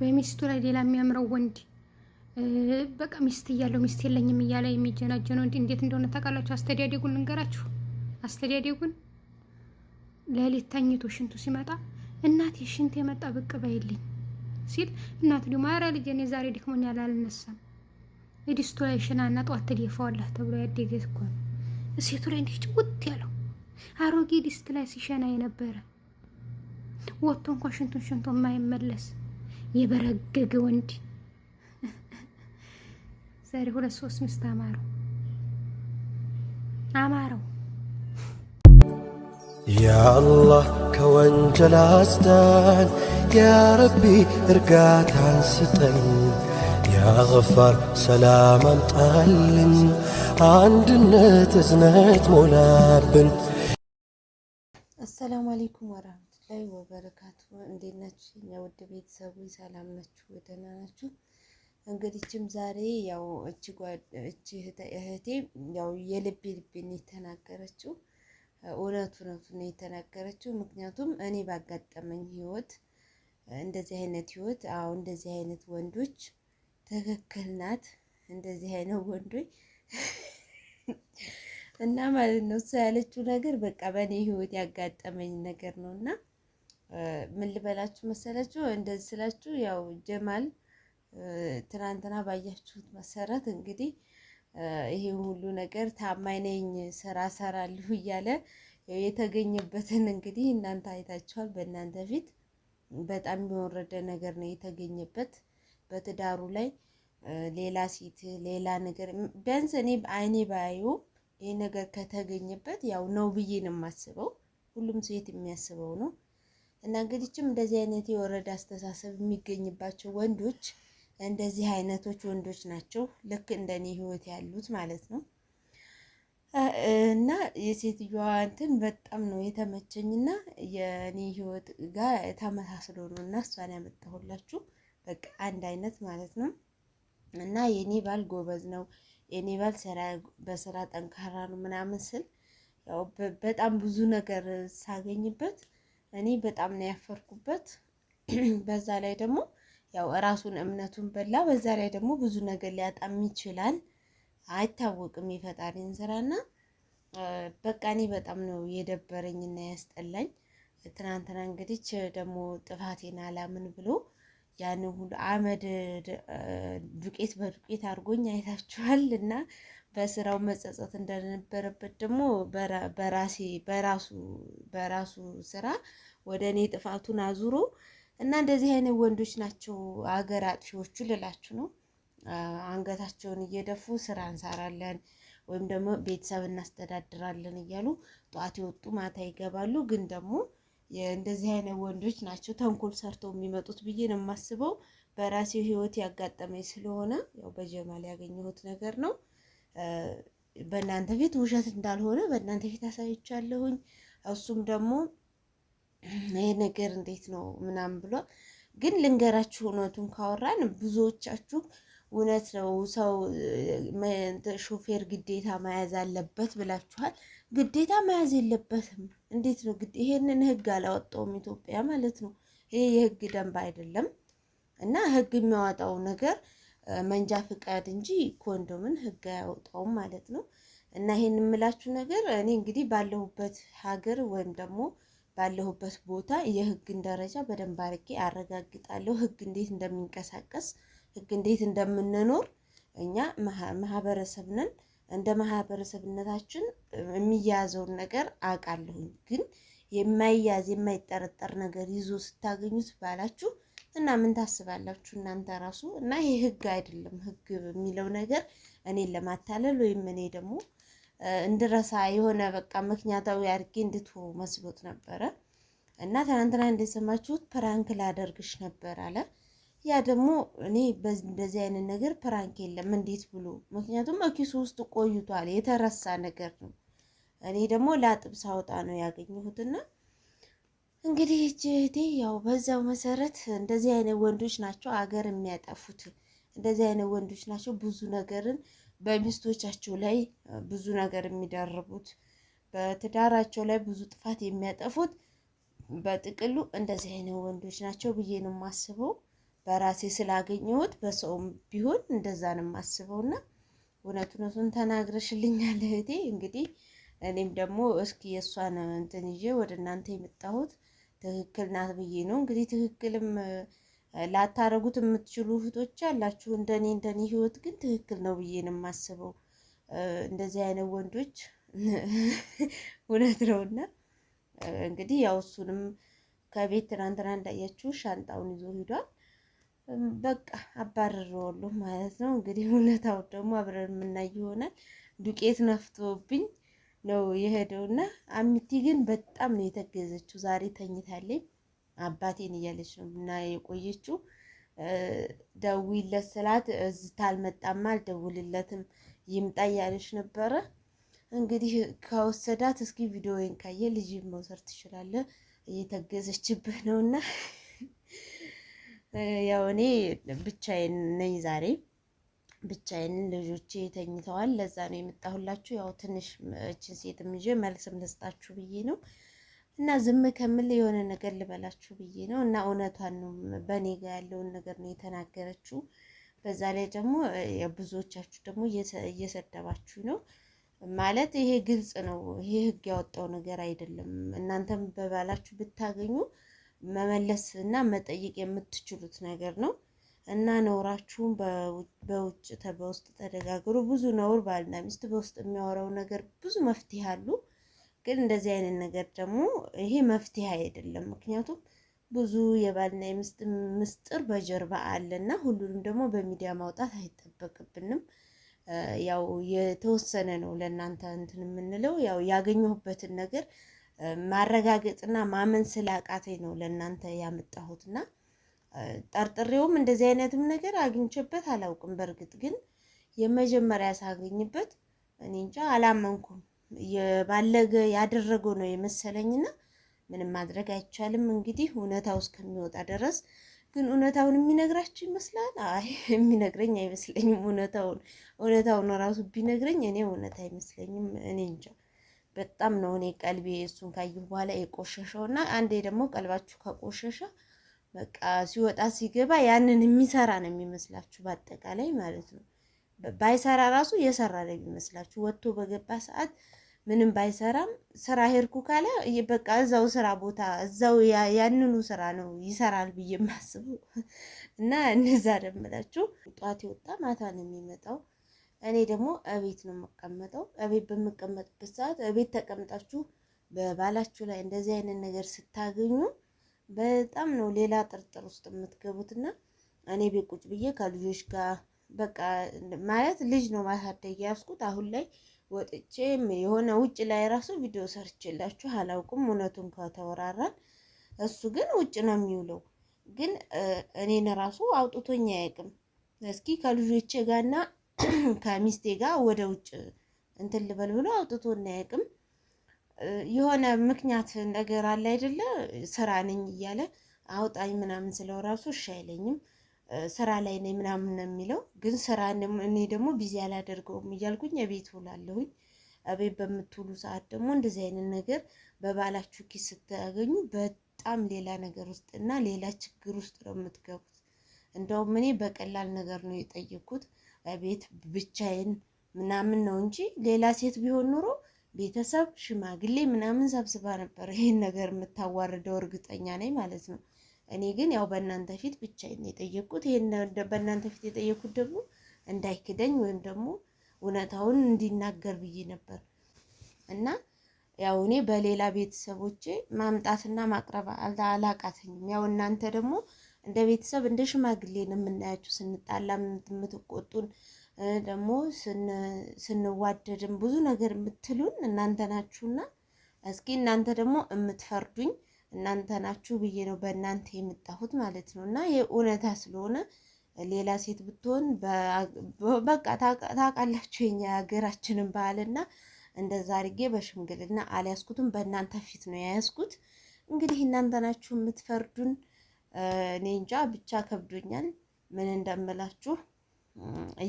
በሚስቱ ላይ ሌላ የሚያምረው ወንድ በቃ ሚስት እያለው ሚስት የለኝም እያለ የሚጀናጀነው ወንድ እንዴት እንደሆነ ታውቃላችሁ? አስተዳደጉን ልንገራችሁ። አስተዳደጉን ለሌት ተኝቶ ሽንቱ ሲመጣ እናቴ ሽንት የመጣ ብቅ በይልኝ ሲል እናቱ ደግሞ ኧረ ልጄ እኔ ዛሬ ደክሞኛል አልነሳም እድስቱ ላይ እና ጠዋት ትደፋዋለህ ተብሎ ያደገ እኮ ነው። እሴቱ ላይ እንዲህ ጭውት ያለው አሮጌ ድስት ላይ ሲሸና የነበረ ወጥቶ እንኳ ሽንቱን ሽንቶ የማይመለስ የበረገገ ወንድ ዛሬ ሁለት ሶስት ሚስት አማረው አማረው። ያአላህ ከወንጀል አስዳን፣ ያረቢ እርጋታን ስጠን፣ ያአፋር ሰላም አምጣልን፣ አንድነት እዝነት ሞላብን። አሰላሙ አሌይኩም ወራ ላይ ወበረካቱ እንዴት ናችሁ? እኛ ውድ ቤተሰቦች ሰላም ናችሁ? ደህና ናችሁ? እንግዲችም ዛሬ ያው እቺ እህቴ ያው የልቤ ልቤን የተናገረችው እውነቱ ነው የተናገረችው። ምክንያቱም እኔ ባጋጠመኝ ህይወት እንደዚህ አይነት ህይወት አሁ እንደዚህ አይነት ወንዶች ትክክል ናት። እንደዚህ አይነት ወንዶች እና ማለት ነው እሷ ያለችው ነገር በቃ በእኔ ህይወት ያጋጠመኝ ነገር ነው እና ምን ልበላችሁ መሰላችሁ? እንደዚህ ስላችሁ ያው ጀማል ትናንትና ባያችሁት መሰረት እንግዲህ ይሄ ሁሉ ነገር ታማኝ ነኝ ስራ ሰራለሁ እያለ የተገኘበትን እንግዲህ እናንተ አይታችኋል። በእናንተ ፊት በጣም የወረደ ነገር ነው የተገኘበት በትዳሩ ላይ ሌላ ሴት ሌላ ነገር ቢያንስ እኔ አይኔ ባዩ ይህ ነገር ከተገኘበት ያው ነው ብዬ ነው የማስበው። ሁሉም ሴት የሚያስበው ነው። እና እንግዲችም እንደዚህ አይነት የወረደ አስተሳሰብ የሚገኝባቸው ወንዶች እንደዚህ አይነቶች ወንዶች ናቸው፣ ልክ እንደኔ ህይወት ያሉት ማለት ነው። እና የሴትዮዋ እንትን በጣም ነው የተመቸኝና የኔ ህይወት ጋር ተመሳስሎ ነው እና እሷን ያመጣሁላችሁ በቃ አንድ አይነት ማለት ነው። እና የኔ ባል ጎበዝ ነው፣ የኔ ባል በስራ ጠንካራ ነው ምናምን ስል ያው በጣም ብዙ ነገር ሳገኝበት እኔ በጣም ነው ያፈርኩበት። በዛ ላይ ደግሞ ያው ራሱን እምነቱን በላ። በዛ ላይ ደግሞ ብዙ ነገር ሊያጣም ይችላል፣ አይታወቅም የፈጣሪን ስራና በቃ እኔ በጣም ነው የደበረኝና ያስጠላኝ። ትናንትና እንግዲህ ደግሞ ጥፋቴን አላምን ብሎ ያን ሁሉ አመድ ዱቄት በዱቄት አድርጎኝ አይታችኋል እና በስራው መጸጸት እንደነበረበት ደግሞ በራሴ በራሱ በራሱ ስራ ወደ እኔ ጥፋቱን አዙሮ እና እንደዚህ አይነት ወንዶች ናቸው አገር አጥፊዎቹ ልላችሁ ነው። አንገታቸውን እየደፉ ስራ እንሰራለን ወይም ደግሞ ቤተሰብ እናስተዳድራለን እያሉ ጠዋት የወጡ ማታ ይገባሉ። ግን ደግሞ እንደዚህ አይነት ወንዶች ናቸው ተንኮል ሰርተው የሚመጡት ብዬ ነው የማስበው። በራሴው ህይወት ያጋጠመኝ ስለሆነ ያው በጀማል ያገኘሁት ነገር ነው። በእናንተ ፊት ውሸት እንዳልሆነ በእናንተ ፊት አሳይቻለሁኝ። እሱም ደግሞ ይህ ነገር እንዴት ነው ምናምን ብሎ ግን ልንገራችሁ፣ እውነቱን ካወራን ብዙዎቻችሁ እውነት ነው ሰው ሾፌር ግዴታ መያዝ አለበት ብላችኋል። ግዴታ መያዝ የለበትም። እንዴት ነው ይሄንን ህግ አላወጣውም ኢትዮጵያ ማለት ነው። ይሄ የህግ ደንብ አይደለም እና ህግ የሚያወጣው ነገር መንጃ ፍቃድ እንጂ ኮንዶምን ህግ አያወጣውም ማለት ነው። እና ይሄን የምላችሁ ነገር እኔ እንግዲህ ባለሁበት ሀገር ወይም ደግሞ ባለሁበት ቦታ የህግን ደረጃ በደንብ አድርጌ አረጋግጣለሁ። ህግ እንዴት እንደሚንቀሳቀስ ህግ እንዴት እንደምንኖር እኛ ማህበረሰብ ነን። እንደ ማህበረሰብነታችን የሚያዘውን ነገር አውቃለሁኝ። ግን የማይያዝ የማይጠረጠር ነገር ይዞ ስታገኙት ባላችሁ እና ምን ታስባላችሁ እናንተ ራሱ እና ይሄ ህግ አይደለም። ህግ የሚለው ነገር እኔን ለማታለል ወይም እኔ ደግሞ እንድረሳ የሆነ በቃ ምክንያታዊ አድርጌ እንድትሆ መስሎት ነበረ። እና ትናንትና እንደሰማችሁት ፕራንክ ላደርግሽ ነበር አለ። ያ ደግሞ እኔ እንደዚህ አይነት ነገር ፕራንክ የለም እንዴት ብሎ ምክንያቱም እኪሱ ውስጥ ቆይቷል፣ የተረሳ ነገር ነው። እኔ ደግሞ ለአጥብ ሳውጣ ነው ያገኘሁትና እንግዲህ እጅ እህቴ ያው በዛው መሰረት እንደዚህ አይነት ወንዶች ናቸው አገር የሚያጠፉት። እንደዚህ አይነት ወንዶች ናቸው ብዙ ነገርን በሚስቶቻቸው ላይ ብዙ ነገር የሚደርቡት፣ በትዳራቸው ላይ ብዙ ጥፋት የሚያጠፉት። በጥቅሉ እንደዚህ አይነት ወንዶች ናቸው ብዬ ነው የማስበው። በራሴ ስላገኘሁት በሰውም ቢሆን እንደዛ ነው የማስበው እና እውነቱን እሱን ተናግረሽልኛል እህቴ። እንግዲህ እኔም ደግሞ እስኪ የእሷን እንትን ይዤ ወደ እናንተ የመጣሁት ትክክል ናት ብዬ ነው። እንግዲህ ትክክልም ላታረጉት የምትችሉ እህቶች አላችሁ። እንደኔ እንደኔ ህይወት ግን ትክክል ነው ብዬ ነው የማስበው። እንደዚህ አይነት ወንዶች እውነት ነውና እንግዲህ ያው እሱንም ከቤት ትናንትና እንዳያችሁ ሻንጣውን ይዞ ሂዷል። በቃ አባረረዋለሁ ማለት ነው። እንግዲህ እውነታው ደግሞ አብረን የምናይ ይሆናል። ዱቄት ነፍቶብኝ ነው የሄደው እና አሚቲ ግን በጣም ነው የተገዘችው። ዛሬ ተኝታለኝ አባቴን እያለች ነው እና የቆየችው። ደውይለት ስላት እዝታ አልመጣም አልደውልለትም ይምጣ እያለች ነበረ። እንግዲህ ከወሰዳት እስኪ ቪዲዮውን ካየ ልጅ መውሰድ ትችላለህ። እየተገዘችብህ ነው እና ያው እኔ ብቻዬን ነኝ ዛሬ ብቻዬን ልጆቼ ተኝተዋል። ለዛ ነው የመጣሁላችሁ። ያው ትንሽ እችን ሴት ምዤ መልስም ልስጣችሁ ብዬ ነው እና ዝም ከምል የሆነ ነገር ልበላችሁ ብዬ ነው እና እውነቷን ነው በእኔ ጋ ያለውን ነገር ነው የተናገረችው። በዛ ላይ ደግሞ ብዙዎቻችሁ ደግሞ እየሰደባችሁ ነው ማለት ይሄ ግልጽ ነው። ይሄ ህግ ያወጣው ነገር አይደለም። እናንተም በባላችሁ ብታገኙ መመለስ እና መጠየቅ የምትችሉት ነገር ነው። እና ነውራችሁን በውጭ በውስጥ ተደጋግሩ ብዙ ነውር ባልና ሚስት በውስጥ የሚያወራው ነገር ብዙ መፍትሄ አሉ። ግን እንደዚህ አይነት ነገር ደግሞ ይሄ መፍትሄ አይደለም። ምክንያቱም ብዙ የባልና የሚስት ምስጢር በጀርባ አለ እና ሁሉንም ደግሞ በሚዲያ ማውጣት አይጠበቅብንም። ያው የተወሰነ ነው ለእናንተ እንትን የምንለው ያው ያገኘሁበትን ነገር ማረጋገጥና ማመን ስላቃተኝ ነው ለእናንተ ያመጣሁትና ጠርጥሬውም እንደዚህ አይነትም ነገር አግኝቼበት አላውቅም። በእርግጥ ግን የመጀመሪያ ሳገኝበት እኔ እንጃ አላመንኩም። የባለገ ያደረገው ነው የመሰለኝና ምንም ማድረግ አይቻልም። እንግዲህ እውነታው እስከሚወጣ ድረስ ግን እውነታውን የሚነግራችሁ ይመስላል? አይ የሚነግረኝ አይመስለኝም። እውነታውን እውነታውን ራሱ ቢነግረኝ እኔ እውነት አይመስለኝም። እኔ እንጃ በጣም ነው እኔ ቀልቤ እሱን ካየሁ በኋላ የቆሸሸው እና አንዴ ደግሞ ቀልባችሁ ከቆሸሸ በቃ ሲወጣ ሲገባ ያንን የሚሰራ ነው የሚመስላችሁ በአጠቃላይ ማለት ነው። ባይሰራ ራሱ የሰራ ነው የሚመስላችሁ። ወጥቶ በገባ ሰዓት ምንም ባይሰራም ስራ ሄድኩ ካለ በቃ እዛው ስራ ቦታ እዛው ያንኑ ስራ ነው ይሰራል ብዬ የማስበው እና እንዛ ደምላችሁ ጠዋት የወጣ ማታ ነው የሚመጣው። እኔ ደግሞ እቤት ነው የምቀመጠው። እቤት በምቀመጥበት ሰዓት እቤት ተቀምጣችሁ በባላችሁ ላይ እንደዚህ አይነት ነገር ስታገኙ በጣም ነው ሌላ ጥርጥር ውስጥ እና እኔ ቤት ቁጭ ብዬ ከልጆች ጋር በቃ ማለት ልጅ ነው ማሳደግ ያስኩት። አሁን ላይ ወጥቼም የሆነ ውጭ ላይ ራሱ ቪዲዮ ሰርችላችሁ አላውቅም፣ እውነቱን ከተወራራን። እሱ ግን ውጭ ነው የሚውለው፣ ግን እኔን ራሱ አውጥቶኝ አያውቅም። እስኪ ከልጆቼ ጋርና ከሚስቴ ጋር ወደ ውጭ እንትን ልበል ብሎ አውጥቶን አያውቅም። የሆነ ምክንያት ነገር አለ አይደለ? ስራ ነኝ እያለ አውጣኝ ምናምን ስለው ራሱ እሺ አይለኝም። ስራ ላይ ነኝ ምናምን ነው የሚለው። ግን ስራ እኔ ደግሞ ቢዚ አላደርገውም እያልኩኝ እቤት ውላለሁኝ። እቤት በምትውሉ ሰዓት ደግሞ እንደዚህ አይነት ነገር በባላችሁ ኪስ ስታገኙ በጣም ሌላ ነገር ውስጥ እና ሌላ ችግር ውስጥ ነው የምትገቡት። እንደውም እኔ በቀላል ነገር ነው የጠየኩት። እቤት ብቻዬን ምናምን ነው እንጂ ሌላ ሴት ቢሆን ኑሮ ቤተሰብ ሽማግሌ ምናምን ሰብስባ ነበር ይሄን ነገር የምታዋርደው እርግጠኛ ነኝ ማለት ነው። እኔ ግን ያው በእናንተ ፊት ብቻዬን የጠየቅኩት ይሄን በእናንተ ፊት የጠየቅኩት ደግሞ እንዳይክደኝ ወይም ደግሞ እውነታውን እንዲናገር ብዬ ነበር እና ያው እኔ በሌላ ቤተሰቦቼ ማምጣትና ማቅረብ አላቃተኝም። ያው እናንተ ደግሞ እንደ ቤተሰብ እንደ ሽማግሌ ነው የምናያችሁ ስንጣላ የምትቆጡን ደግሞ ስንዋደድም ብዙ ነገር የምትሉን እናንተ ናችሁና እስኪ እናንተ ደግሞ የምትፈርዱኝ እናንተ ናችሁ ብዬ ነው በእናንተ የምጣሁት ማለት ነው። እና የእውነታ እውነታ ስለሆነ ሌላ ሴት ብትሆን በቃ ታውቃላችሁ የኛ ሀገራችንን ባህልና እንደዛ አድርጌ በሽምግልና አልያዝኩትም። በእናንተ ፊት ነው የያዝኩት። እንግዲህ እናንተ ናችሁ የምትፈርዱን። እኔ እንጃ ብቻ ከብዶኛል፣ ምን እንደምላችሁ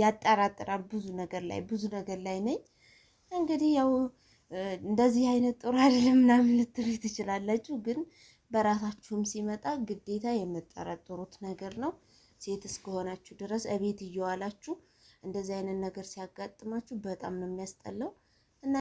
ያጠራጥራል። ብዙ ነገር ላይ ብዙ ነገር ላይ ነኝ እንግዲህ ያው እንደዚህ አይነት ጥሩ አይደለም ምናምን ልትሉ ትችላላችሁ። ግን በራሳችሁም ሲመጣ ግዴታ የምጠረጥሩት ነገር ነው። ሴት እስከሆናችሁ ድረስ እቤት እየዋላችሁ እንደዚህ አይነት ነገር ሲያጋጥማችሁ በጣም ነው የሚያስጠላው።